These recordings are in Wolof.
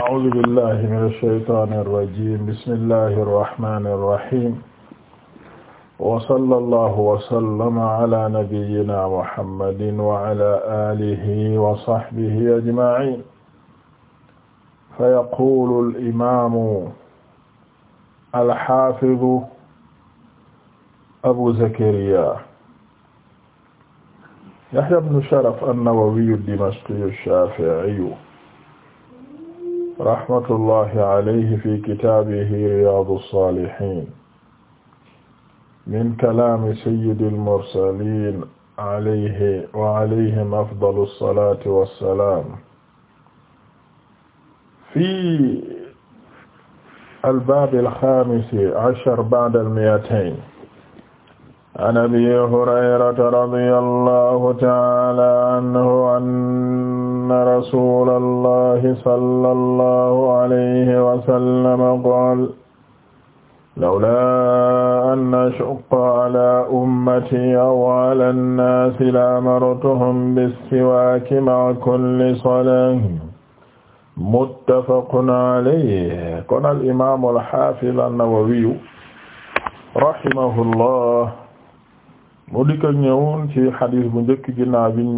أعوذ بالله من الشيطان الرجيم بسم الله الرحمن الرحيم وصلى الله وسلم على نبينا محمد وعلى آله وصحبه أجمعين فيقول الإمام الحافظ أبو زكريا يحيى بن شرف النووي الدمشقي الشافعي rahmatullahi alayhi fi kitaabihi riyaadu saalihiin min kalaami sayyidil mursaliin alayhi wa alayhim afdalu salaati wa salaam fi albaabil xaamisi ashar ba'dal mi'atayn an abi hurayrata radiyallahu ta'ala anhu anna rasulallahi sallallahu alayhi wa sallam qaala lawlaa an ashqa ala ummati aw ala nnaasi la'amartuhum bis-siwaaki ma'a kulli salaatin muttafaqun alayhi kon al-imaam al-haafiz an-nawawi rahimahullah mu dikk ak ñëwoon ci xadiis bu njëkk ginnaaw biñ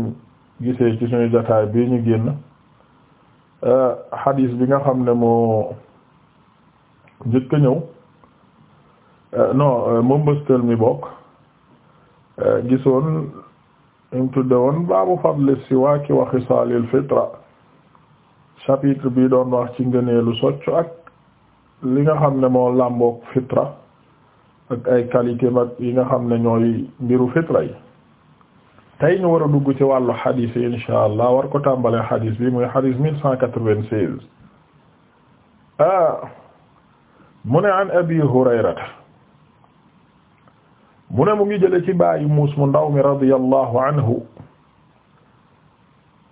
gisee ci suñu jotaay bi ñu génn euh, xadiis bi nga xam ne moo njëkk ñëw euh, non euh, mu mbëstal mi bokk gisoon im tudde woon baabu fadli siwaaki wa xisaalil fitra chapitre bi doon wax ci ngëneelu soccu ak li nga xam ne moo làmbook fitra ak ay qualité mag yi nga xam ne ñooy mbiru fitra yi tey ñu war a dugg ci wàllu xadiis yi insha allah war ko tàmbalee xadiis bi muy xadiis mille cent quatre vingt mune ah, mu an abi hurayrata mu mu ngi jële ci bàyyi muus mu ndaw mi radiyallahu anhu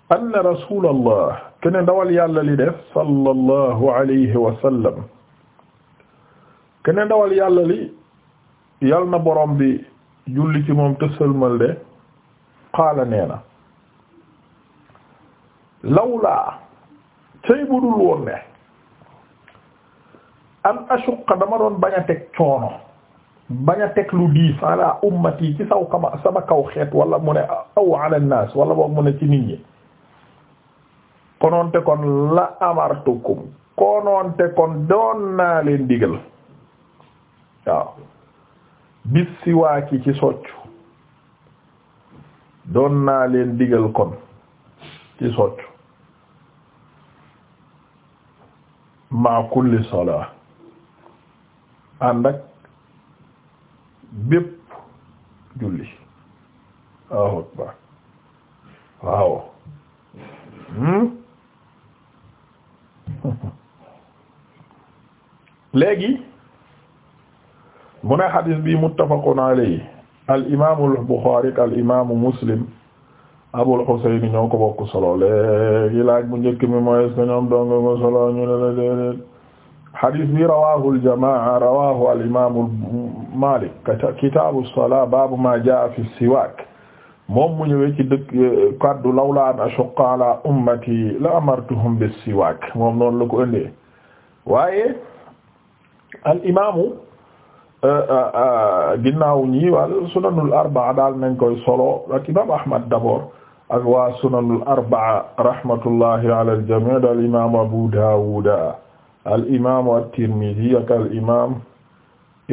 anna rasulallah kene ndawal yàlla li def sallallahu alayhi wa sallam kene yal na borom bi julli ci moom te sëlmal de qaala nee na lawlaa cëy bu dul woon ne an ashuqa dama doon bañ teg coono bañ a teg lu diis ala ummati ci saw kama sama kaw xeet wala mu ne aw ala naas wala mu ne ci nit ñi konoonte kon la amartukum konoonte kon doon naa leen digal waaw bis siwaaki ci soccu doon naa leen digal kon ci soccu ma kulli salaa ànd ak bépp julli waaw akbar waaw hmm? léegi mu ne xadis bi muttafaqun alayhi al imaamul Buxaari al imaamu Muslim Abul Husayn ñoo ko bokk solo léegi laaj bu njëkk mi mooy est-ce que ñoom dong ko solo ñu ne la déedéet xadis bi rawaahu al jamaa rawaahu al imaamu Maalik kitaabu salaa baabu maa jaa fi siwaak moom mu ñëwee ci dëkk kaddu lawlaa an ashuqqa ala ummati la amartuhum bis siwaak moom noonu la ko ëndee waaye al imaamu Euh, euh, euh, ginnaaw ñi wal arbaa daal nañ koy solo ak imam ahmad d'abord ak waa sunanul arbaa rahmatullahi ala al-jamii daal abu daawud al imam at-tirmidhi ak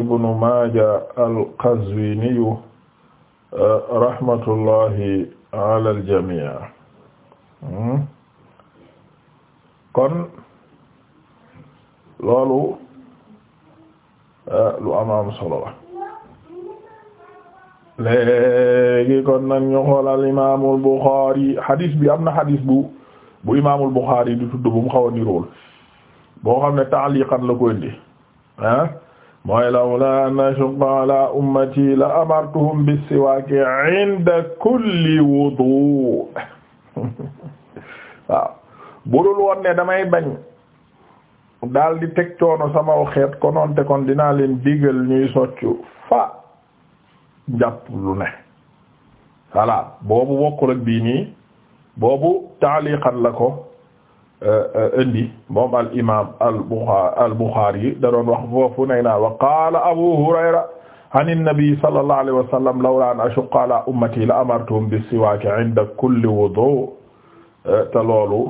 maaja al-qazwini ala al hmm? kon loolu lu am am solo la léegi kon nag ñu xoolal imaamul Bukhari bi am bu bu imaamul Bukhari di tudd bu mu xaw a nirool boo xam ne ta'liqan la ko indi ah mooy lawlaa ala ummati la amartuhum bis-siwaak 'inda kulli wudu' waaw budul ne damay bañ. daal di teg coono samaw xeet konoonte kon dinaa leen digal ñuy soccu fa jàpp lu ne voilà boobu bokkul ak bii nii boobu taaliqan la ko euh, euh, indi moom al imaam al Buxaari al Buxaari da doon wax naa wa Abu Hurayra an innabi sallallahu alayhi wa sallam lawlaa an ashuqqa alaa ummatii la amartuhum bis-siwaak 'inda kulli wuduu' euh, te loolu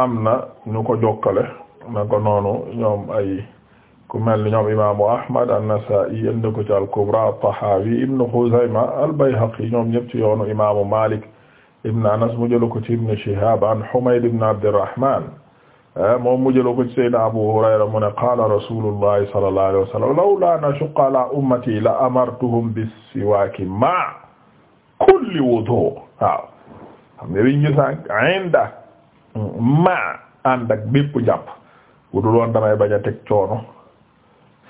am na ñu ko jokkale na ko noonu ñoom ay ku mel ni ñoom imaamu Ahmad an-Nasaa'i indi ko ci al-Kubra at-Tahaawi ibn Xuzayma al-Bayhaqi ñoom ñëpp ci yoonu imaamu Maalik ibn Anas mu jël ko ci ibn Shihaab an Humayd ibn Abdirrahmaan eh, moom mu jël ko ci Sayyidina Abu Hurayra mu ne qaala rasuulullahi sallallahu alayhi wa sallam lawlaa an ashukka alaa ummatii la amartuhum bis-siwaaki ma'a kulli wuduu' waaw xam nga wiñ ngi sànq inda maa ànd ak bépp jàpp bu dul woon damay bañ a teg coono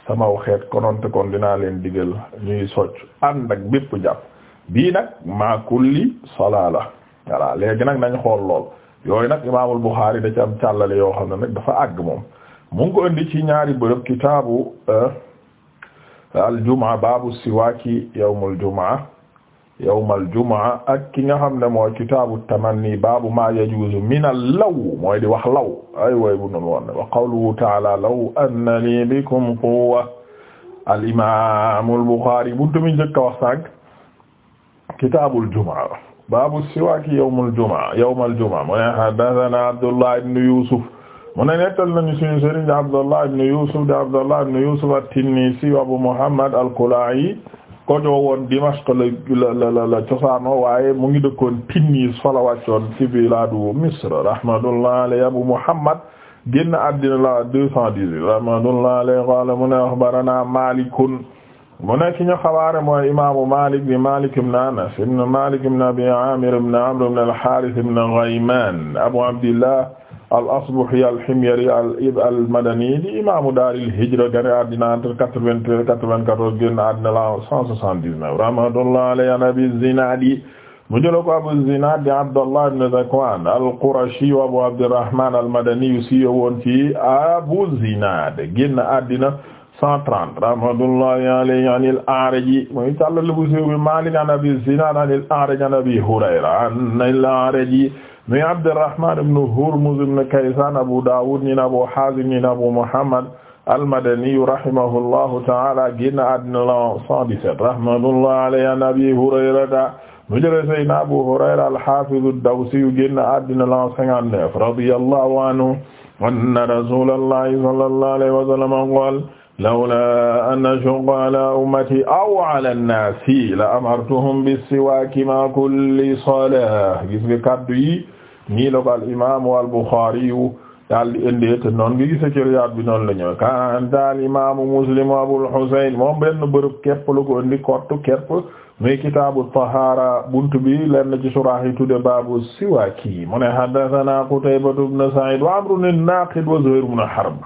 sama waxeet kononte kon dinaa leen digal ñuy socc ànd ak bépp jàpp bii nag maa kulli solaa la voilà léegi nag nañ xool lool yooyu nag imaamul Buxaari da ci am càllale yoo xam ne nag dafa àgg moom mu ko indi ci ñaari bërëb kitaabu euh, al jumaa baabu siwaaki yawmul jumaa yawmal jumaa ak ki nga xam ne mooy kitaabu tamanni baabu maa yajuuzu min al-law mooy di wax law ay way bu noonu woon wa qawluhu ta'aala law anna lii bikum quwwa al-imaam al-Buxaari buntu mi njëkk a wax sànq kitaabul jumaa baabu siwaaki yawmal jumaa yawmal jumaa mu ne haddasanaa Abdullah ibn Yuusuf mu ne nettal nañu suñu sëriñ Abdullah ibn Yuusuf de Abdullah ibn Yuusuf at-Tinnisi wa Abu Muhammad al-Kalaa'i koñoo woon Dimashq la la la la cosaano waaye mu ngi dëkkoon Tinnis fa la wàccoon ci bilaadu Misr rahmatullah alayhi Abu Muhammad génn àddina la deux cent dix-huit rahmatullah alayhi qaala mu ne axbarana Maalikun mu ne ki ñu xabaare mooy imaamu Maalik bi Maalik ibn Anas ibn Abi Aamir ibn Amr ibn al-Haaris ibn Ghaymaan Abu Abdillah al-Asbahi al-Himyari al-Madani di imaamu daaril hijra gane àddina entre quatre-vingt-treize quatre-vingt-quatorze génn àddina la cent soixante-dix-neuf rahmatullah alayhi an Abi Zinaad mu jëla ko Abu Zinaad di Abdallah ibn Zakwan al-Qurashi wa Abu Abdirrahman al-Madani si yowoon ci Abu Zinaad génn àddina cent trente rahmatullahi alayhi an al-A'raj muy tàllal bu siiw bi Maalik an Abi Zinaad an al-A'raj an Abi Hurayra an al-A'raj muy Abdurrahman ibn Hurmuz ibn Kaysan Abu Dawud ñi na Abu Hazim ñi na Abu Muhammad al-Madani rahimahullahu ta'ala génn àddina la 117 rahmatullahi alayhi an Abi Hurayrata mu jëlee Seydina Abu Hurayra al-Hafiz ad-Dawsi génn àddina la 59 radiyallahu anhu anna rasulallahi sallallahu alayhi wa sallam qala lawla an ashuqqa ala ummati aw ala an-nasi la amartuhum bis-siwaki ma kulli salah gis nga kaddu yi nii la ko al imaamu al Buxaari daal di indi te noonu gisa ci Riyaad bi noonu la ñëw kanta al imaamu Muslim Abul Husayn moom benn bërëb képp la ko indi kott képp muy kitaabu tahaara bunt bi leen ci surah yi tudde baabu siwaaki kii ne haddasanaa Qutaybatu ibn Sa'iid wa Amrun an-Naaqid wa Zuhayr ibn Harb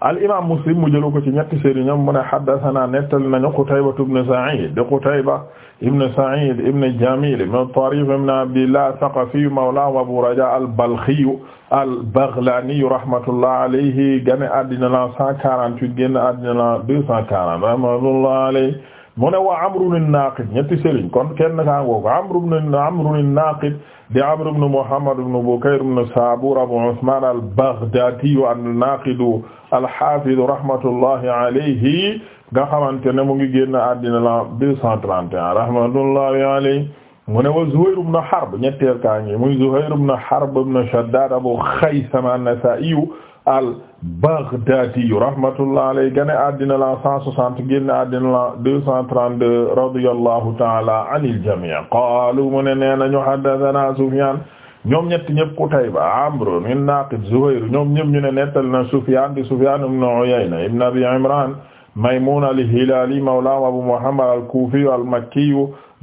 al imaam Muslim mu jëlu ko ci ñetti sëriñam mu ne haddathana nettali nañu Qutayba ibn Sa'id de Qutayba ibn Sa'id ibn Jamil ibn Tarif ibn Abdillah Thaqafi mawla Abu Raja al-Balkhi al-Baghlani rahmatullah alayhi gane addina la 148 génn addina la 240 rahmatullah alayhi mu ne wa Amrun an-Naqid ñetti sëriñ kon kenn ka ngoo ko Amrun Amrun an-Naqid di Amr ibn Muhammad ibn Bukayr ibn Sabur Abu Usman al-Baghdadi an-Naqid al-Hafiz rahmatullahi alayhi nga xamante ne mu ngi génn àddina la 231 rahmatullahi alayhi mu ne wa Zuhayr ibn Harb ñetteel kaa ngi muy Zuhayr ibn Harb ibn Shaddad Abu Khaythama an-Nasa'i al-Baghdadi rahmatullah alayhi gane addina la 160 génn addina la 232 radiyallahu ta'ala anil jami' qalu mu ne nee nañu haddathana Sufyan ñoom ñett ñëpp Qutayba Amr min Naqib Zuhayr ñoom ñëpp ñu ne nettali na Sufyan di Sufyan ibn Uyayna ibn Abi Imran Maymun al-Hilali mawla Abu Muhammad al-Kufi al-Makki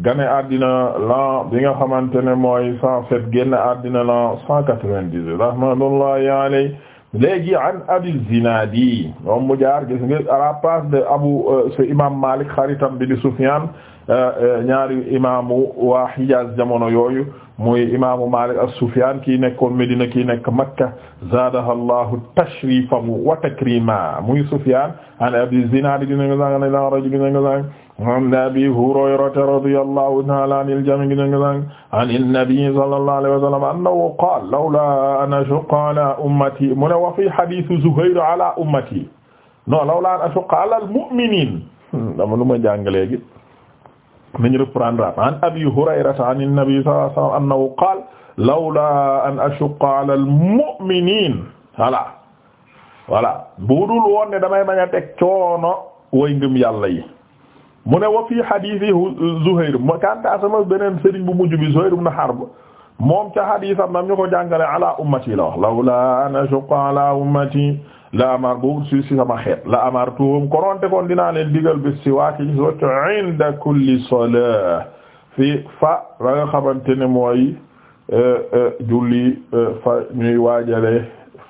gane addina lan bi nga xamante ne mooy 107 génn addina la 190 rahmatullahi alayhi léegi an abil zinadi moom mu jaar gis nga à la place de abu sa imam malik xaritam bi di sufyan ñaari imaamu waa Hijaaz jamono yooyu muy imaamu Maalik as-Sufyaan kii nekkoon Medina kii nekk Makka zaadaha llaahu tashriifan wa takriiman muy Sufyaan an Abi Zinaad dina nga sang ne la rajo dina nga sang an abi hurayrata radiyallahu ta'ala anil jami' anin nabi sallallahu alayhi wa sallam annahu qaala lawlaa an ashuqqa ala ummati mu ne wa fi hadith Zuhayr ala ummati non lawlaa an ashuqqa ala al-mu'minin dama lu ma jàngalee gi nañ reprendre an abi hurayrata anin nabi sallallahu alayhi wa sallam annahu qaala lawlaa an ashuqqa ala al-mu'minin voilà voilà budul woon ne damay bañ a teg coono way ngëm yàlla yi mu ne wa fii xadiisi Zuhayr ma kanta sama beneen sëriñ bu mujj bi Zuhayr ibn Harb moom ca xadiisam nam ñu ko jàngale ala ummati la wax lawla an ashuqqa ala ummati la amar bu si si sama xeet la amartuhum konoonte kon dinaa leen digal bi siwaak ci socc inda kulli salah fi fa la nga xamante ne mooy e, e, julli e, fa ñuy waajale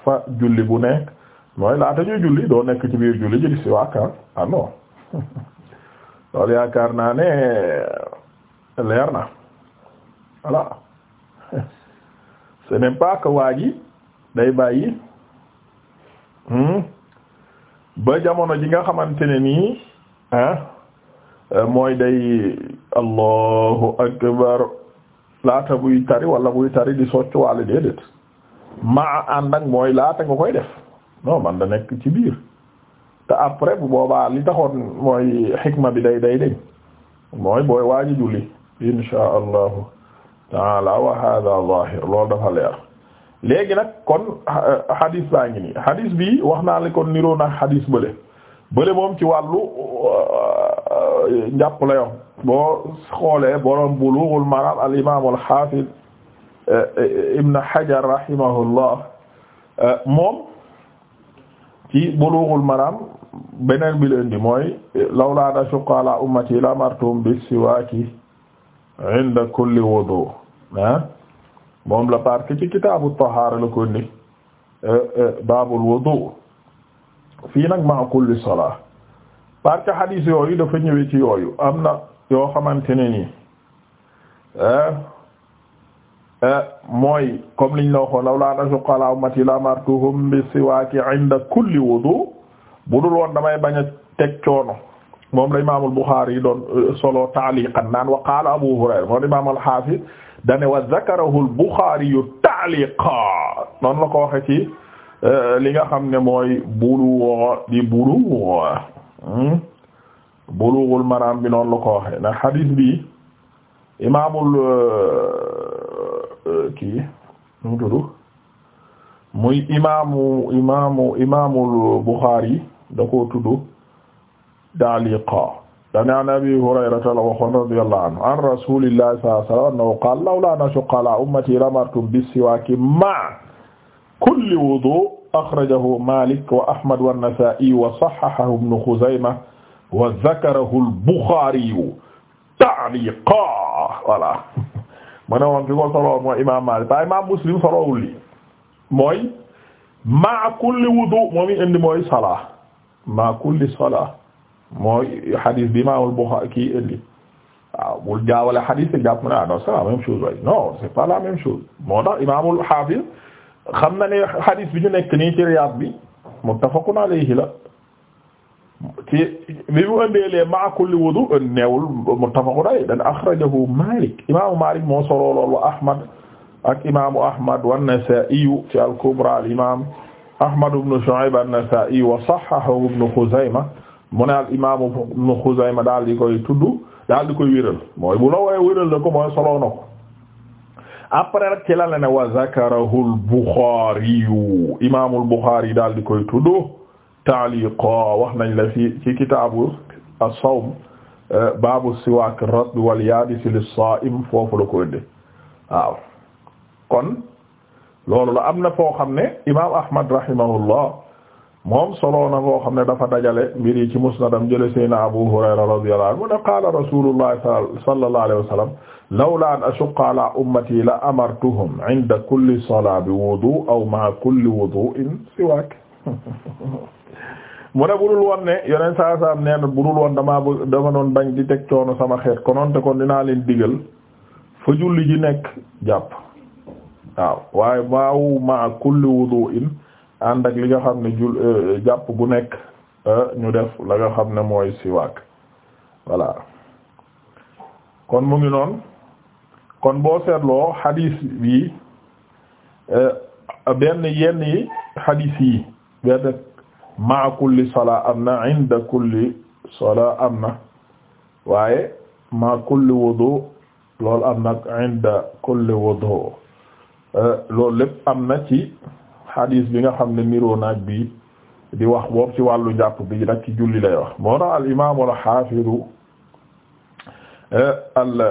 fa julli bu nekk mooy laata ñuy julli doo nekk ci biir julli ji di siwaak ah, ah non loolu yaakaar naa ne leer na voilà ce n'est pas que waa day bàyyi hmm, ba jamono ji nga xamante ne nii ah mooy day allahu akbar laata buy tari wala buy tari di soccu wàllu déedéet maa ànd ak mooy laata nga koy def non man da nekk ci biir te après bu boobaa li taxoon mooy xikma bi day day dañ mooy booy waaji julli inshaa allahu taala wa hada zahir loolu dafa leer léegi nag kon hadis baa ngi nii hadis bi wax naa la kon niroo nag hadis bële bële moom ci wàllu euh, njàpp la yoon boo xoolee borom Bulughul Maram al imaam al haafid euh, euh, Ibn Hajar rahimahullah moom ci bulughul maram beneen bi leen di mooy lawla an ashqa ala ummati la martum bi siwaaki inda kulli wudu ah moom la parce que ci kitaabu tahaara la ko ni eh, eh, baabul wudu nag ma kulli salaa parce que hadith yooyu dafa ñëwee ci yooyu am na yoo xamante ne nii eh, Eh, mooy comme liñ la waxoon lawlaa an ashuqqa la ummatii la amartuhum bi siwaaki inda kulli wudu bu dul woon damay bañ a teg coono moom la imaamul Buxaari doon eh, solo taaliqan naan wa qaala Abu Hurayra moom imaam al-Haafiz dane wa zakarahul Buxaari taaliqan noonu la ko waxe ci eh, li nga xam ne mooy bulu di bulu hmm? Bulughul Maraam bi noonu la waxe na xadiis bi imaamul kii nu mu tudd muy imaamu imaamu imaamul Bukhari da koo tudd daaliqa dana an abi hurayrata la waxoon radiyallahu anhu an rasulillahi sallallahu alayhi wa sallam annahu qaala lawlaa an ashukka alaa ummati lamartum bis-siwaaki ma'a kulli wudu' akhrajahu Maalik wa Ahmad wa an-Nasaa'i wa sahhahahu ibnu Khuzaymah wa dhakarahu al-Bukhari ta'liiqan voilà mu ne woon ki ko solo mooy imam Maalik ba imam Muslim solowul li mooy ma kulli wudu moom i indi mooy salaa ma kulli salaa mooy hadis bi imam al-Bukhari kii indi waaw bul jaawale hadis te jàpp na ah non c'est la même chose waaye non c'est pas la même chose moo tax imaamul Haafiz xam na ne hadis bi ñu nekk nii ci Riyaad bi muttafaqun alayhi la ci bi mu ëndeelee maa kulli wudu neewul muttafaqun alayhi dan akhrajahu Malik imaamu Malik moo lool wa Ahmad ak imaamu Ahmad wa Nasa'i fi al-Kubra al-imaam Ahmad ibn Shu'ayb an-Nasa'i wa sahhahahu Ibn Khuzayma mu al imaamu Ibn Khuzayma daal di koy tudd daal di koy wéral mooy bu la wooyee wéral la ko mooy solo na ko après rek ci wa zakarahu al-Bukhari imaamu al-Bukhari daal di koy tudd. taaliqo wax nañ la fi ci kitaabu as-sawm euh, baabu siwaak ar-ratb wal yaabis lis-saa'im foofu la ko ëdde waaw kon loolu la am na foo xam ne imaam Ahmad rahimahullah moom solo na foo xam ne dafa dajale mbir yi ci musnadam jële Seydina Abu Hurayra radiyallahu anhu mu ne qaala rasuulullahi sallallahu alayhi wa sallam lawlaa an ashaqqa alaa ummatii la amartuhum inda kulli salaatin bi wuduu'in aw ma'a kulli wuduu'in siwaak mu ne budul woon ne yeneen saa saa nee na budul woon damaa ba dama doon bañ di teg coono sama xeet konoonte kon dinaa leen digal fa julli ji nekk jàpp waaw waaye waaw maa kulli wudu'in ànd ak li nga xam ne jul eh, jàpp bu nekk eh, ñu def la nga xam ne mooy siwaak voilà kon mu ngi noonu kon boo seetloo xadiis bi eh, benn yenn yi xadiis yi. benn maa kulli salaa am na inda kulli salaa am na waaye maa kulli wudu loolu am na inda kulli wudu eh, loolu lépp am na ci hadis bi nga xam ne niroo naag bi di wax boobu ci wàllu njàpp bi nag ci julli lay wax moo tax al imaam al xaafidu eh, al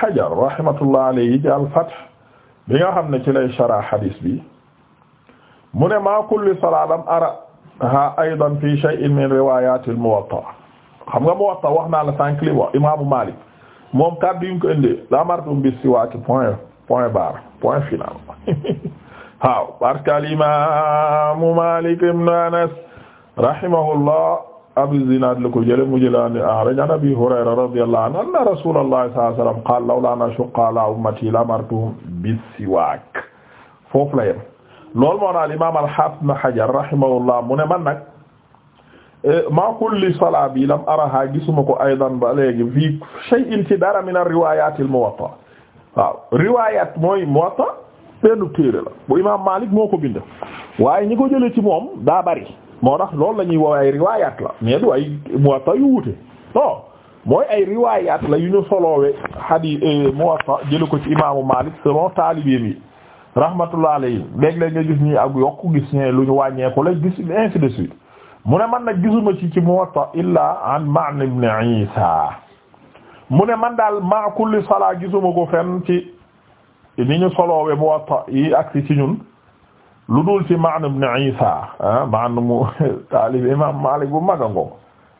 Hajar rahmatullah alayhi ci Fath bi nga xam ne ci lay sharh hadis bi. mu ne ma kulli salaatam araha aidan fi shay'in min riwayatil muwatta xam nga muwatta wax naa la sànq li wax imaamu Maalik moom kàddu yu ñu ko indee la martum bis siwaak point point barre point final waaw parce que al imaamu Maalik ibn Anas rahimahullah Abu Zinaad la ko jëlee mu jëlee an A'raj an Abi Hurayra radiyallahu anhu anna Rasuulallahi sallallahu alayhi wa sallam qaala lawlaa an ashukka ala ummati la amartuhum bis siwaak foofu la yem loolu moo naal imam al-Hafiz ibn Hajar rahimahullah mu ne man nag e, ma kulli salaa bi lam araha gisuma ko aydan ba léegi fii shay'in ci dara min ar-riwayat al-Muwatta waaw mooy Muwatta benn téere la bu imam Malik moo ko bind waaye ñi ko jëlee ci moom daa bari moo tax loolu lañuy ñuy woow ay riwayat la mais du ay Muwatta yu wute mooy ay riwayat la yu ñu soloowe hadi e, Muwatta jële ko ci imaamu Malik selon taalibeem yi rahmatullah alayhi léeg-léeg nga gis ñuy ak yokk gis ñee lu ñu wàññeeku la gis ainsi de suite mu ne man nag gisuma ci ci Muwatta illa an Ma'n ibn Isa mu ne man daal ma kulli salaa gisuma ko fenn ci ni ñu soloowe Muwatta yi agsi ci ñun lu dul ci Ma'n ibn Isa ah Ma'n mu taalib imam Malik bu magango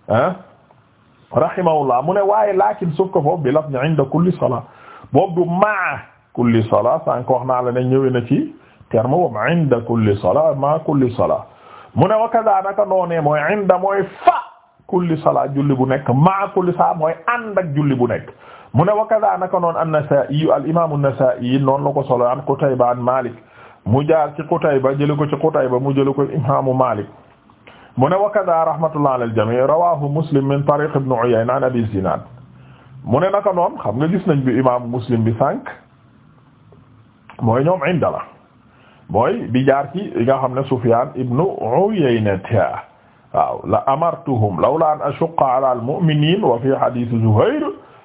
ah rahimahullah mu ne waaye lakin suuf ko foofu bi laf ni inda kulli salaa boobu du ma kulli salaa sànq wax naa la ne ñëwee na ci terme boobu inda kulli salaa ma kulli salaa mu ne wa kaza naka noonee mooy inda mooy fa kulli salaa julli bu nekk ma kulli salaa mooy ànd ak julli bu nekk. mu ne wa kaza naka noon an-Nasaa'i al imaamu an-Nasaa'i noonu la ko solo an Qutayba an Maalik mu jaar ci Qutayba jëlee ko ci Qutayba mu jëlee ko imaamu Maalik. mu ne wa kaza rahmatullah alal jamii rawaahu Muslim min tariq Ibn Uyayna an Abi Zinaad mu ne naka noon xam nga gis nañ bi imaamu Muslim bi sànq. mooy ñoom inda la mooy bi jaar ci nga xam ne Sufyaan ibnu Uyayna waaw la amartuhum lawla an ashqa ala al mu'minin wa fi hadith Zuhair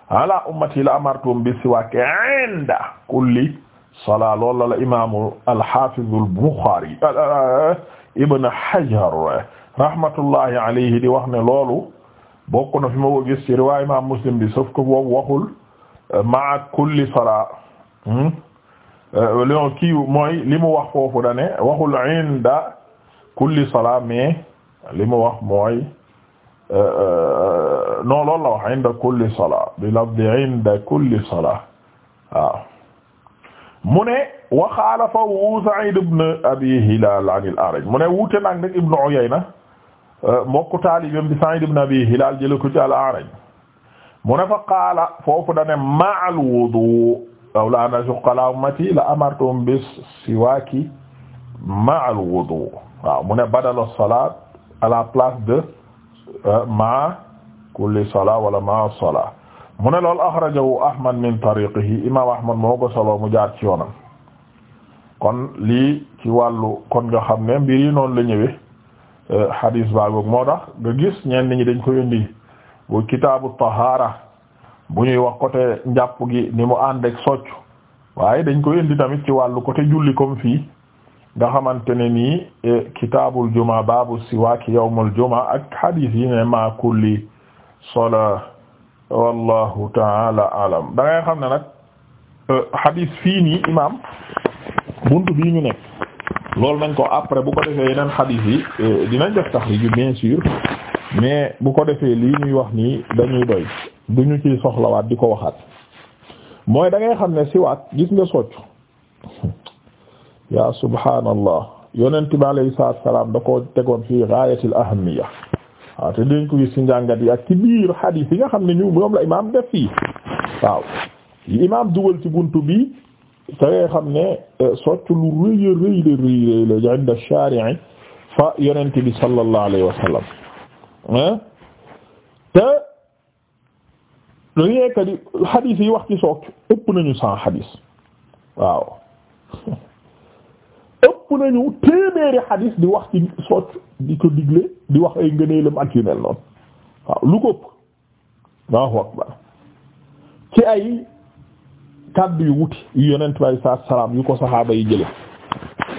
ala ummati la amartuhum bi siwaak inda kulli salaa loolu la la imaamu al-Haafiz al-Buxaari Ibn Hajar rahmatullahi alayhi di wax ne loolu bokk na fi ma ko gis ci riwaaya imaam Muslim bi sauf ko boobu waxul ma'a kulli salaa hmm? Euh, lion kiiw mooy li mu wax foofu da ne waxul inda kulli salaa mais li mu wax mooy euh, euh, non loolu la wax inda kulli salaa bi lafdi inda kulli salaa waaw mu ne wa xaalafahu Sa'id ibn Abi Hilal an al-A'raj mu ne wuute nag nag Ibn Uyayna mbokku taalibam bi Sa'id ibn Abi Hilal jële ko ci al-A'raj mu ne fa qaala foofu da ne ma'al wudu law la an ashuqqa ala ummati la amartum bis siwaaki ma'al wudu waaw mu ne badala salat a la place de euh, ma kulli salat wala ma salat mu ne loolu akhrajahu ahmad min tariqihi imam ahmad moo ko solo mu jaar ci yoonam kon lii ci wàllu kon nga xam ne mbir yi noonu la ñëwee hadis euh, baagoog moo tax nga gis ñenn ñi dañ ko indi tahaara bu ñuy wax côté njàpp gi ni mu ànd ak waaye dañ koy indi tamit ci wàllu côté julli comme fii nga xamante ne nii e, kitaabul juma baabu siwaaki yawmul juma ak hadith yi ne ma kulli sola wallahu taala alam da ngay xam ne nag hadith e, fii nii imam buntu bii ñu nekk loolu nañ ko après bu ko defee yeneen hadith yi e, dinañ def taxrij bien sûr mais bu ko defee lii ñuy wax nii dañuy doy du ñu ciy soxlawaat di ko waxaat mooy dangay xam ne siwaat gis nga soccu yaa subhaanallah yonent bi alayhi salaam da tegoon fii gaayatil ahammiya waaw te dañ ko gis ci njàngat yi ak ci biir xadiis nga xam ne ñu moom la imaam def fii waaw imaam dugal ci bunt bi da ngay xam ne eh, soccu lu rëy a rëy la la la inda shaari'i bi sallallahu alayhi wa eh? te rien que di xadiis yi wax ci soog ëpp nañu cent xadiis waaw ëpp nañu téeméeri xadiis di wax ci socc di ko digle di wax ay ngëneelam ak yu mel noonu lu ko ëpp Allahu akbar ci ay kàddu yu wuti yu yonent ay saa salaam yu ko saxaaba yi jële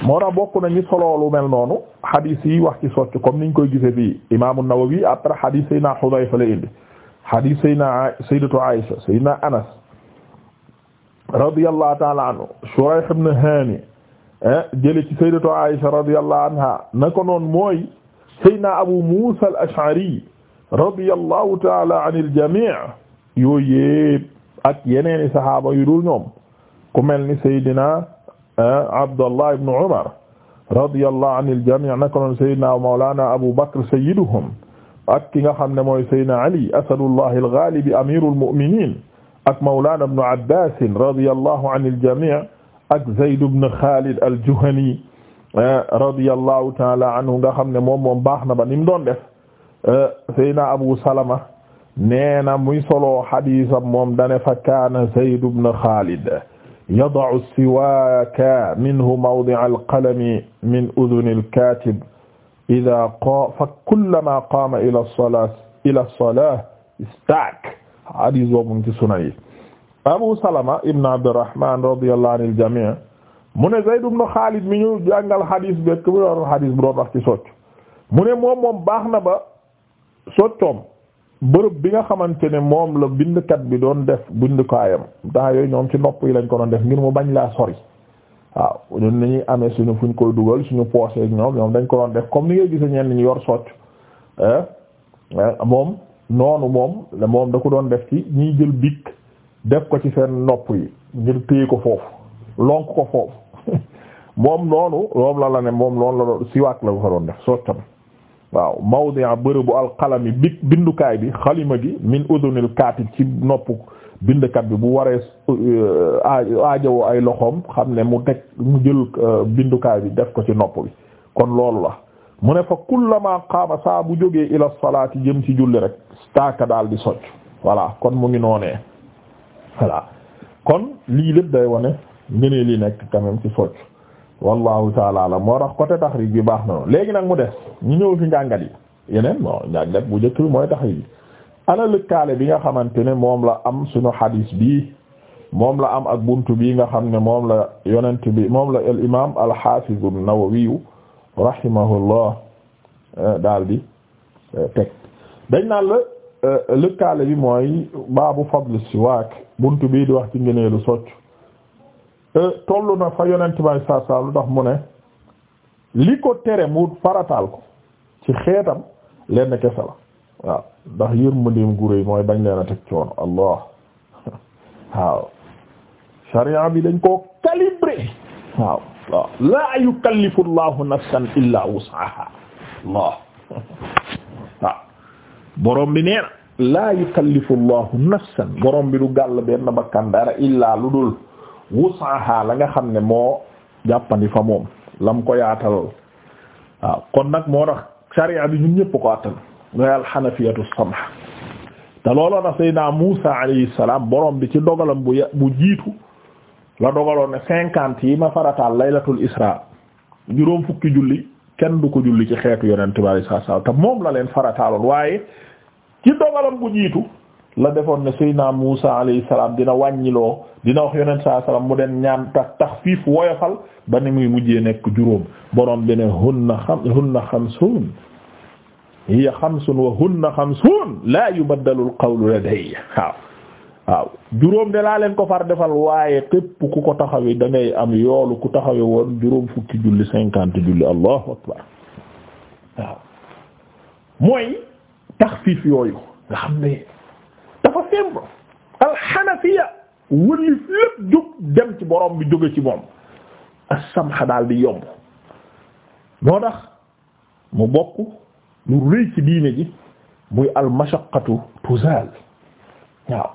moo tax bokk nañu solo lu mel noonu xadiis yi wax ci socc comme ni niñ koy gisee bi Imaamu Nawawi après xadiis yi naa Xudayfa la indi hadis saydna sayyidatu Aisha saydna Anas radiyallahu ta'ala anhu Shurayh ibn Hani eh, jële ci sayyidatu Aisha radiyallahu anha nako noon mooy saydna Abu Musa al-Ash'ari radiyallahu ta'ala anil jami' yooyu yëpp ak yeneeni sahaaba yu dul ñoom ku mel ni saydna eh, Abdullah ibn Umar radiyallahu anil jami' nako noon saydna Mawlana Abu Bakr sayyiduhum ak ki nga xam ne mooy Seydina Ali asadullahi al-ghalib amirul mu'minin ak mawlana ibn Abbas radiyallahu anil jami' ak Zayd ibn Khalid al-Juhani eh, radiyallahu ta'ala anhu nga xam ne moom moom baax na ba ni mu doon def eh, Seydina Abu Salama nee na muy solo xadiisam moom dane fa kaana Zayd ibn Khalid yada'u as-siwaaka minhu mawdi'a al-qalami min udhuni al-kaatib idaa qaama fa kullamaa qaama ila salaa ila salaa istaak hadiis boobu ci sunan yi Abu Salama ibn Abdurrahman radiyallahu anil jamii mu ne Zayd ibn Khalid mi ñu jàngal hadiis bi ku doon hadiis bu doon wax ci socc mu ne moom moom baax na ba soccoom bërëb bi nga xamante ne moom la bindkat bi doon def bindukaayam daa yooyu ñoom ci nopp yi lañ ko doon def ngir mu bañ laa sori waaw ñun ni ñuy amee suñu fuñ koy dugal suñu poche ak ñoom ñoom dañ ko doon def comme ni ngay gis ñenn ñi yor socc moom noonu moom moom da ko doon def ci ñiy jël bic def ko ci seen nopp yi ngir téye ko foofu lonk ko loolu la la ne moom loolu la doon siwaak la ko fa doon def soccam waaw mawdi' bërëbu alqalami bic bindukaay bi xalima gi min udunil kaatib ci noppu bindkat bi bu waree euh, aajowoo ay loxoom xam ne mu teg mu jël euh, bindukaay bi def ko ci nopp bi kon loolu la mu ne fa kullama qaama saa bu jógee ila salaati jëm ci julli rek staaka daal di socc voilà kon mu ngi noonee voilà kon lii lépp day wane ngënee li nekk quand même ci socc wallahu taala alam moo tax côté taxriij bi baax na noonu léegi nag mu des ñu ñëw fi njàngat yi yeneen bon njàngat bu njëkk bi mooy taxriij bi ana lëkkaale bi nga xamante ne moom la am suñu hadis bi moom la am ak bunt bi nga xam ne moom la yonent bi moom la al imam al hafiz an-Nawawi rahimahullah eh, daal di eh, teg dañ naan la eh, lëkkaale bi mooy baabu fadl siwaak bunt bi di wax ci ngëneelu socc tollu na fa yonent bay saa saa lu tax mu ne li ko tere mu farataal ko ci xeetam lenn kese la waaw ndax yërmandeem gu réy mooy bañ leen teg coono allah waaw sharia bi dañ koo calibré waaw waaw laa yukallifu allahu nafsan illa wus'aha allah waaw borom bi nee laa yukallifu allahu nafsan borom bi du gàll benn bakkan dara illaa lu dul wus'aha la nga xam ne moo jàppandi fa moom lam ko yaatalal waaw kon nag moo tax sharia bi ñun ñëpp ko attan mooy alxanafiyatu samha te looloo na Seydina Muusa alayhi salaam borom bi ci dogalam bu bu jiitu la dogaloon ne cinquante yi ma farataal laylatul isra juróom fukki julli kenn du ko julli ci xeetu yonent bi alayhi te moom la leen farataaloon waaye ci dogalam bu jiitu la defoon ne Seydina Muusa alayhi salaam dina wàññiloo dina wax yonent saa salaam mu den ñaan tax taxfiif woyofal ba ni muy mujjee nekk juróom borom bi ne hunna xam hunna xamsuun hiya xamsun wa hunna xamsun laa yu alqawlu ladayya waaw waaw juróom de laa leen ko far defal waaye képp ku ko taxawe da am yoolu ku taxawe woon juróom fukki julli cinquante julli allahu akbar waaw mooy taxfiif yooyu nga xam ne dafa simple alxanafiya wëlif lépp jóg dem ci borom bi jóge ci moom as-samha daal di yomb moo tax mu bokk lu rëy ci diine ji muy almashaqqatu tuzaal waaw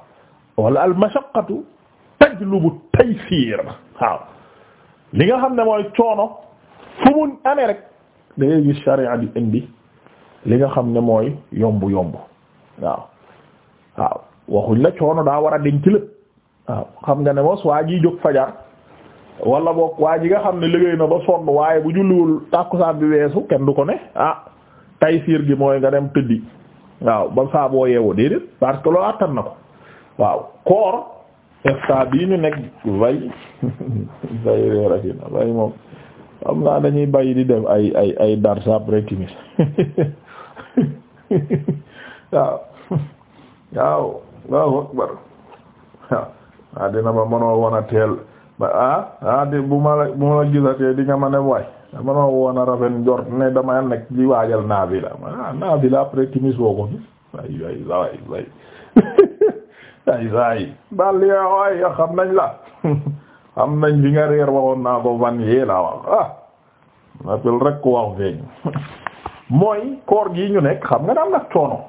wala almashaqqatu tajlubu taysir waaw li nga xam ne mooy coono fu mu amee rek da ngay gis sharia di indi li nga xam ne mooy yomb yomb waaw waaw waxuñ la coono daa war a denc lépp waaw xam nga ne mos waa ji jóg fajar wala boog waa ji nga xam ne liggéey na ba sonn waaye bu julliwul tàkkusaan bi weesu kenn du ko ne ah siir gi mooy nga dem tëddi waaw ba saa yeewoo déedéet parce que loolu attan na ko waaw koor instant bii ñu nekk vay vay réer ak na vay moom xam naa dañuy bàyyi di def ay ay ay dar ah, mënoo wan a teel ba ah, ah, bu ma la bu ma la gisatee di nga ma ne waay dama noo woon a rafet njort ne dama nekk di waajal naafila ah naafila après timis ko fi ay ay sawaay saay ay saay daal li waay xam nañ la xam nañ bi nga reer waxoon naa ko van yee laa wax ah mooy koor gi ñu nekk xam nga daal nag coono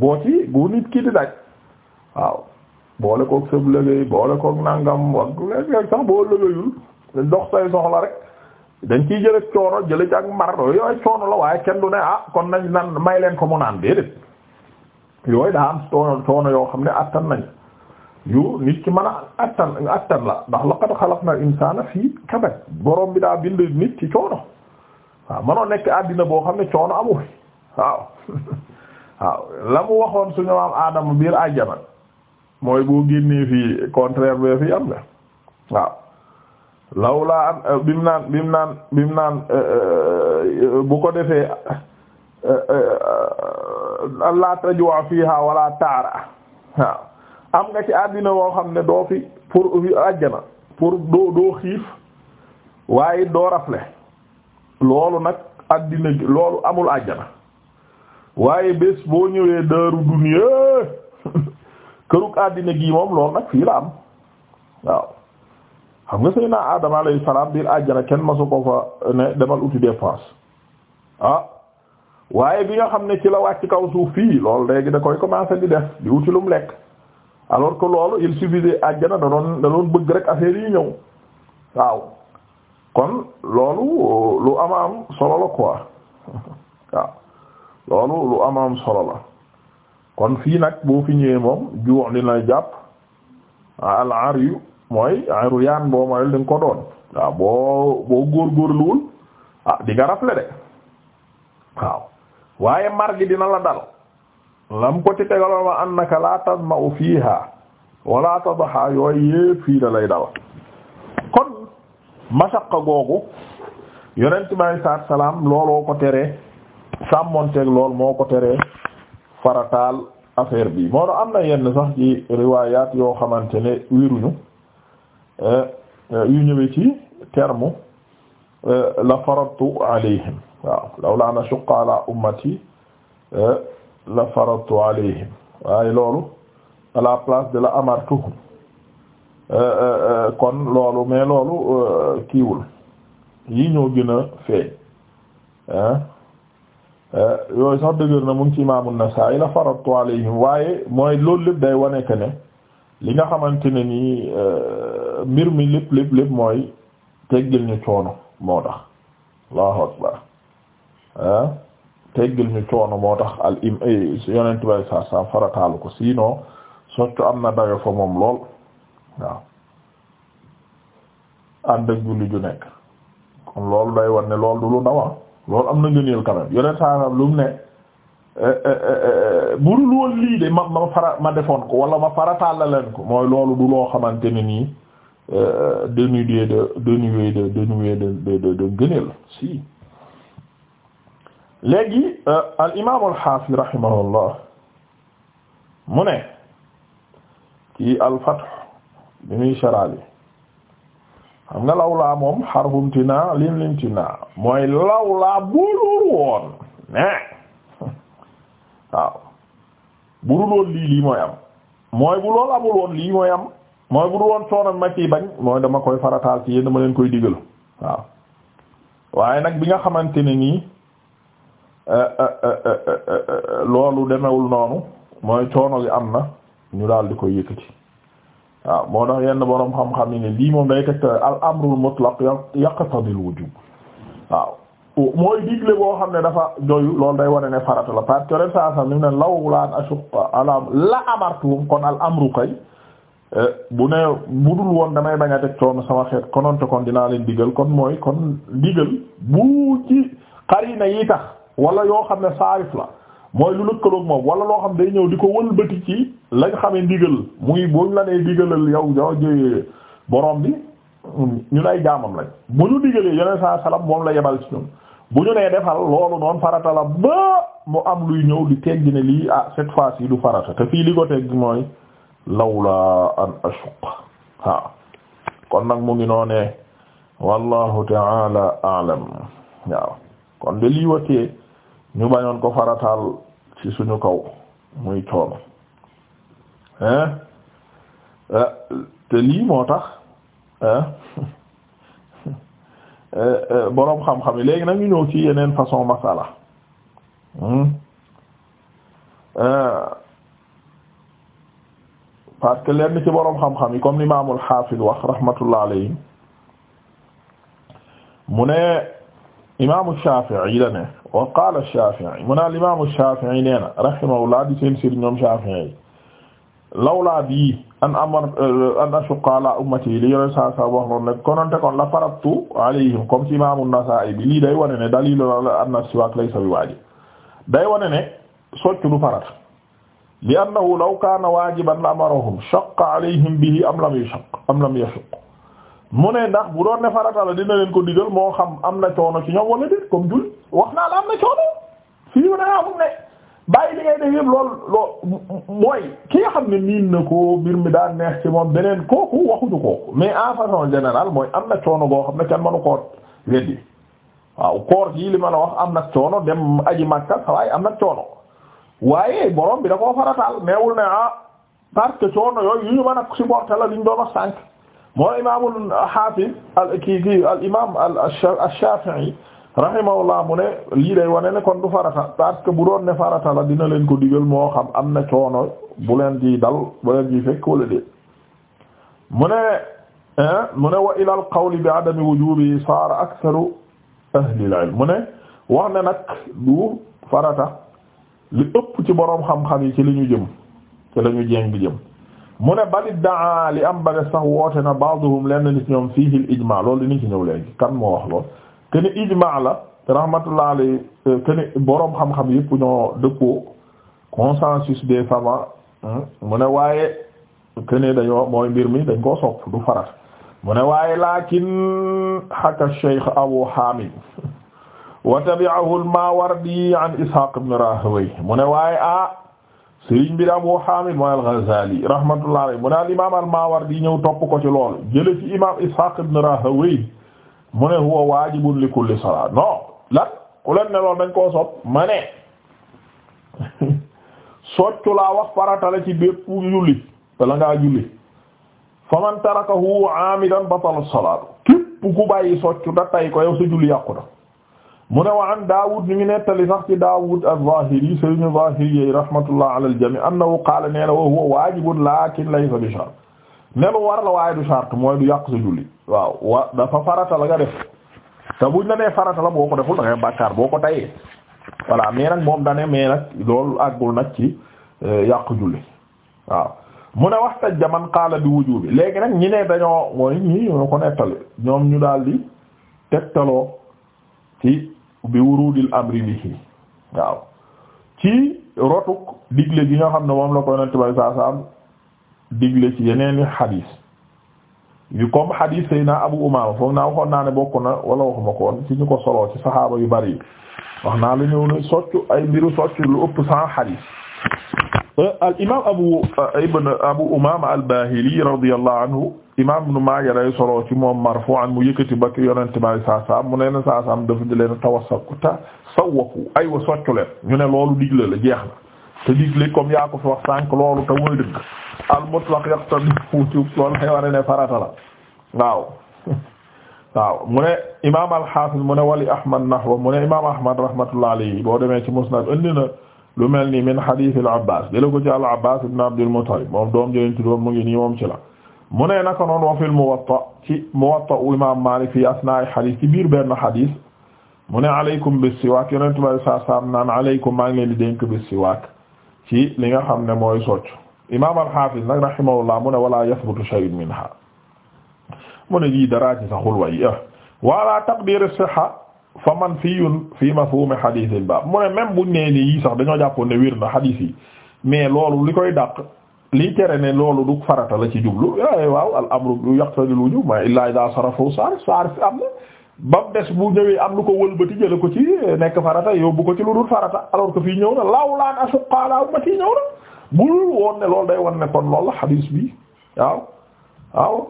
boo ci gu nit ki di daj waaw boole koog sëb liggéey boole koog nangam wax du leen sax boo liggéeyul dox say soxla rek dañ ciy jële coono jële ci ak mar yooyu coono la waaye kenn du ne ah kon nañ nan may leen ko mu naan déedéet yooyu daa am coono yoo xam ne attan nañ yu nit ki mën a attan attan la ndax laqad xalaqnal insaana fii kabad borom bi daa bind nit ci coono waaw mënoo nekk àddina boo xam ne coono amul waaw waaw la mu waxoon suñu maam aadama biir àjjana mooy boo génnee fii contraire bee fi am na waaw lawla an euh, bim naan bim naan bim naan euh, euh, bu ko defee allah tajwa fiha wala taara am nga ci àddina woo xam ne doo fi pour àjjana pour doo doo xiif waaye doo rafle loolu nag àddina loolu amul àjjana waaye bés boo ñëwee daaru duniya kërug àddina gi moom loolu nag fii la am waaw xam nga sëy naa Adama alayhi salaam biir àjjana kenn masu ko fa ne demal uti dépense ah waaye bi nga xam ne ci la wàcc kaw suuf fii loolu léegi da koy commencer di def di uti lu mu lekk alors que loolu il suffisait àjjana da doon bëgg rek affaire yi ñëw waaw kon loolu lu ama am solo la loolu am solo la kon fii nag boo fi ñëwee moom juux dina jàpp al mooy ruyaan boo mayul di nga ko doon waaw boo boo góorgóorluwul ah di nga rafle de waaw waaye mar gi dina la dal lam ko ci tegaloo ma annaka la tadma'u fiiha wala tadha yooyu yépp fii da dal kon mashaqa googu yonent bi alei salaam looloo ko teree sàmmonteeg lool moo ko teree farataal affaire bi moo tax am na yenn sax ci riwaayaat yoo xamante ne wiruñu Euh, euh, yu ñëwee ci terme euh, la faradtu alayhim waaw lawla an ashqa ala ummati la faradtu alayhim waaye loolu à la place de la amartuhum kon loolu mais loolu kiiwul yi ñoo gën a feeñ yooyu sax dëgër na mu ngi ci imaamu Nasaa'i la faradtu alayhim waaye mooy loolu lépp day wane ne li nga xamante ne nii mbir mi lépp lépp lépp mooy teggil ñu coono moo tax allahu akbar ah teggil ñu coono moo tax al im eh, yonent bay sa sa farataalu ko sinon soccu am na dayo fa moom lool waaw ànd ak julli nekk kon loolu day war ne loolu du lu ndaw ah. loolu am na ñu quand même yonent saa lu mu ne eh, eh, bu dul woon lii de ma ma fara ma defoon ko wala ma farataal la leen ko mooy loolu du loo xamante ne nii Euh, dénué de dénué de dénué de de de de gëneel si léegi euh, al imaam al xaafid mu ne ci al fath bi muy sharali xam nga lawlaa moom xarfumtina lim limtina mooy lawlaa bulul woon ne waaw bu dul woon lii lii mooy am mooy bu lool amul woon lii mooy am. mooy bu dul woon coono ma ciy bañ mooy dama koy farataal ci yéen dama leen koy digal waaw waaye nag bi nga xamante ni nii eh, eh, eh, loolu demewul noonu mooy coono bi am na ñu daal di koy yëkkati waaw moo tax yenn boroom xam-xam yi ne lii moom day teg al amrul mutlaq yaqtadil wujub waaw mooy digle boo xam ne dafa joyu loolu day wane ne farata la parce que ren saa saa mu ne law laan ashuqqa ala la amartuum kon al amru kay. Euh, bu ne budul woon damay bañ a teg coono sama xeet kononte kon dinaa leen digal kon mooy kon digal bu ci xarina yi tax wala yoo xam ne saarif la mooy lu lëkkaloog moom wala loo xam day ñëw di ko wëlbati ci lañ xamee ndigal muy buñ la nee digalal yow yow jëyee borom bi ñun ay jaamam lañ bu ñu digalee yeneen saa salam moom la yebal ci ñun bu ñu nee defal loolu noonu farata la ba mu am luy ñëw di teggi ne lii ah cette fois ci du farata te fii li ko teggi mooy. lawla an ashuq ha kon nag mu ngi noonee wallahu taala aalam waaw kon de lii ñu bañoon ko farataal ci suñu kaw muy coono hein eh, te lii moo tax hein eh, eh, boroom xam-xam yi léegi nag ñu ñëw ci yeneen façon masala hmm? parce que lenn xam-xam yi comme l'imamul xaafid wax rahmatullah alayhi mu ne imaamu Shaafi'i la ne wa qaala Shaafi'i mu ne al imaamu Shaafi'i nee na rahimahullah an amar an ashqa li yore saa saa la farabtu alayhim comme ci imaamu Nasaa'i bi lii day wane ne daliil anna siwaak bi waajib day wane du farat bi annahu law kaana waajiban la amarahum shaqqa alayhim am lam yashaq am lam mu ne ndax bu doon ne farata la dina leen ko digal moo xam am na coono ci ñoom wala déet comme julli wax naa la am na coono fii mu ah, mooy ci kooku mais en façon mooy am na coono goo xam ne kenn mënu koo weddi waaw koor gi li ma la wax am na coono dem aji Makka waaye am na coono. waaye borom bi da koo farataal neewul ne ah parce que coono yooyu yu ñu mën a supporter la liñ doon a sànq mooy imaamul hafiz al kii kii al imam ash-Shafi'i rahimahullah mu ne lii day wane ne kon du farata parce que bu doon ne farata la dina leen ko digal moo xam am na coono bu leen di dal bu leen di fekk wala déet mu ne mu ne wa ila al qawl bi adami wujubi saara aktharu ahli al ilm mu ne wax du farata li ëpp ci boroom xam-xam yi ci li ñu jëm ci la ñu jéng jëm mu ne bali daa li am ba sax woote na ba'dhum lenn nit ñoom fiihi al ijmaa loolu dinañ ci ñëw léegi kan moo wax lool te ijmaa la te rahmatullah alayhi euh, boroom xam-xam yëpp ñoo dëppoo consensus des savants mu ne waaye que ne dañoo mooy mbir mi dañ koo sopp du farat mu ne waaye laakin haka Cheikh Abu Hamid wa tabi'ahu al-Maawardi an Ishaaq ibn Raahawayh mu ne waaye ah sëriñ bi Abu Haamid mooy al-Ghazaali rahmatullahi alayhi mu ne al-imaam al-Maawardi ñëw topp ko ci loolu jële ci imaam Ishaaq ibn Raahawayh mu ne huwa waajibun li kulli salaat non lan ku leen ne loolu dañ koo sopp soccu laa wax farata la ci bépp julli bala julli faman tarakahu aamidan batala salaat képp ku bàyyi soccu da tay ko yow sa julli yàqu mu ne wa an Daawud ñu ngi nettali sax ci Daawud az-Zahiri sëriñ ñu rahmatullah ala al-jami' annahu qaala nee na wa huwa waajibun laakin laysa bi shart ne lu war la waaye du shart mooy du yàq sa julli waaw wa dafa farata la nga def te buñ la nee farata la boo ko deful da ngay bàkkaar boo ko tayee voilà mais nag moom dane mais nag loolu àggul nag ci euh, yàq julli waaw mu ne waxtaj jaman qaala bi wujubi léegi nag ñi ne dañoo mooy ñi ñoo ko nettali ñoom ñu daal di bi wurudil amri bihi waaw ci rotuk digle gi nga xam ne moom la koy nante bay saa saam digle ci yeneeni xadiis yu comme xadiis say naa Abu Umaama foog naa waxoon naa ne bokk na wala waxuma ko woon ci ñu ko soloo ci saxaaba yu bari yi wax naa la ñëw ne soccu ay mbiru soccu lu ëpp cent xadiis al imaam abu uh, ibn abu umaama al baahili radiyallahu anhu imaam Ibn Maaja day solo ci moom marfu'an mu yëkkati ba ci yonent ma saasaam mu ne leen saasaam dafa leen tawassakuta sawwaku aywa soccu leen ñu ne loolu digle la jeex na te digle comme yaa ko fi wax sànq loolu te mooy dëgg al mutlaq yaqtadi wujub loolu lay wara ne farata la waaw waaw mu ne imaam al haafiz mu ne wali ahmad nahwa mu ne imaam ahmad rahmatullah alayhi boo demee ci musnad indi na lu mel ni min hadith al abbas jële ko ci al abbas ibn abdul muttalib moom doom jëlen ci doom mu ngi nii moom ci la mu ne naka noon wa fil muwatta ci imam malik fi asnaa'i hadith ci biir benn hadith mu ne aleykum bis siwaak yonentu bay sa sam naan aleykum maa ngi leen di dénk bis siwaak ci li nga xam ne mooy socc imam al hafiz nag rahimahullah mu ne wala yathbutu shay'un minha mu ne lii daraa ci saxul way eh. wala taqdir a sihha fa man fiyun fii mafhum hadith al baab mu ne même buñ nee yii sax dañoo jàppoon ne wér na hadith yi mais loolu li koy dàq liy tere ne loolu du farata la ci jublu waaye eh, waaw al amru yaqtadil wujub ma illa am na ba mu des ñëwee am lu ko wëlbati jële ko ci eh, nekk farata yóbbu ko ci lu dul farata alors que fii ñëw na lawlaan ashqa ala ummati ñëw na bul woon ne lool day wan ne kon loolu la hadith bi waaw waaw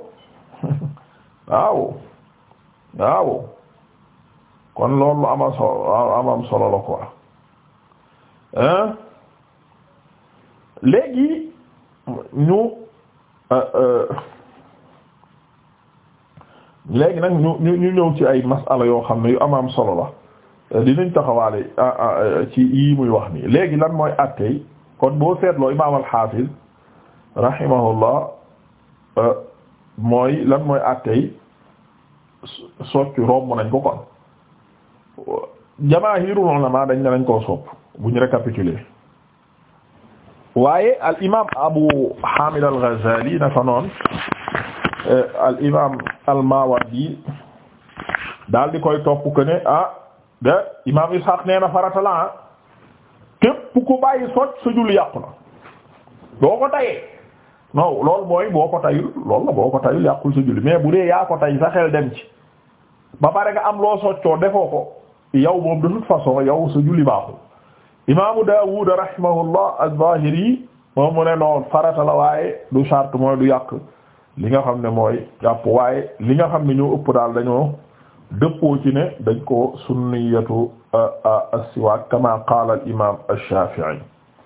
waaw waaw kon loolu ama am am solo la quoi léegi ñu euh, euh, léegi nag ñu ñu ñu ñëw ci ay masala yoo xam ne yu am am solo la euh, dinañ taxawaale ci yii muy wax nii léegi lan mooy attey kon boo seetloo imaam al-Hafiz mooy lan mooy attey soccu romb nañ ko kon jamaahirul ulama dañ ne dañ koo sopp buñ récapituler waaye al imaam Abu Hamid al Ghazali naka noonu eh, al imaam al Mawardi daal di koy topp que ah de imaam Ishaq nee farata la ah ku bàyyi socc sa julli na boo ko tayee non loolu mooy boo ko tayul loolu la boo ko tayul yàqul sa mais bu dee yaa tay sa dem ci ba pare nga am loo soccoo defoo ko. yow moom de toute façon yow sa julli baaxul imaamu Daawud rahimahullah az-Zahiri moom mu ne noon farata la waaye du charte mooy du yàq li nga xam ne mooy jàpp waaye li nga xam ne ñoo ëpp daal dañoo dëppoo ci ne dañ ko sunniyatu euh, euh, as-siwaak kama qaala al-imaam ash-Shaafi'i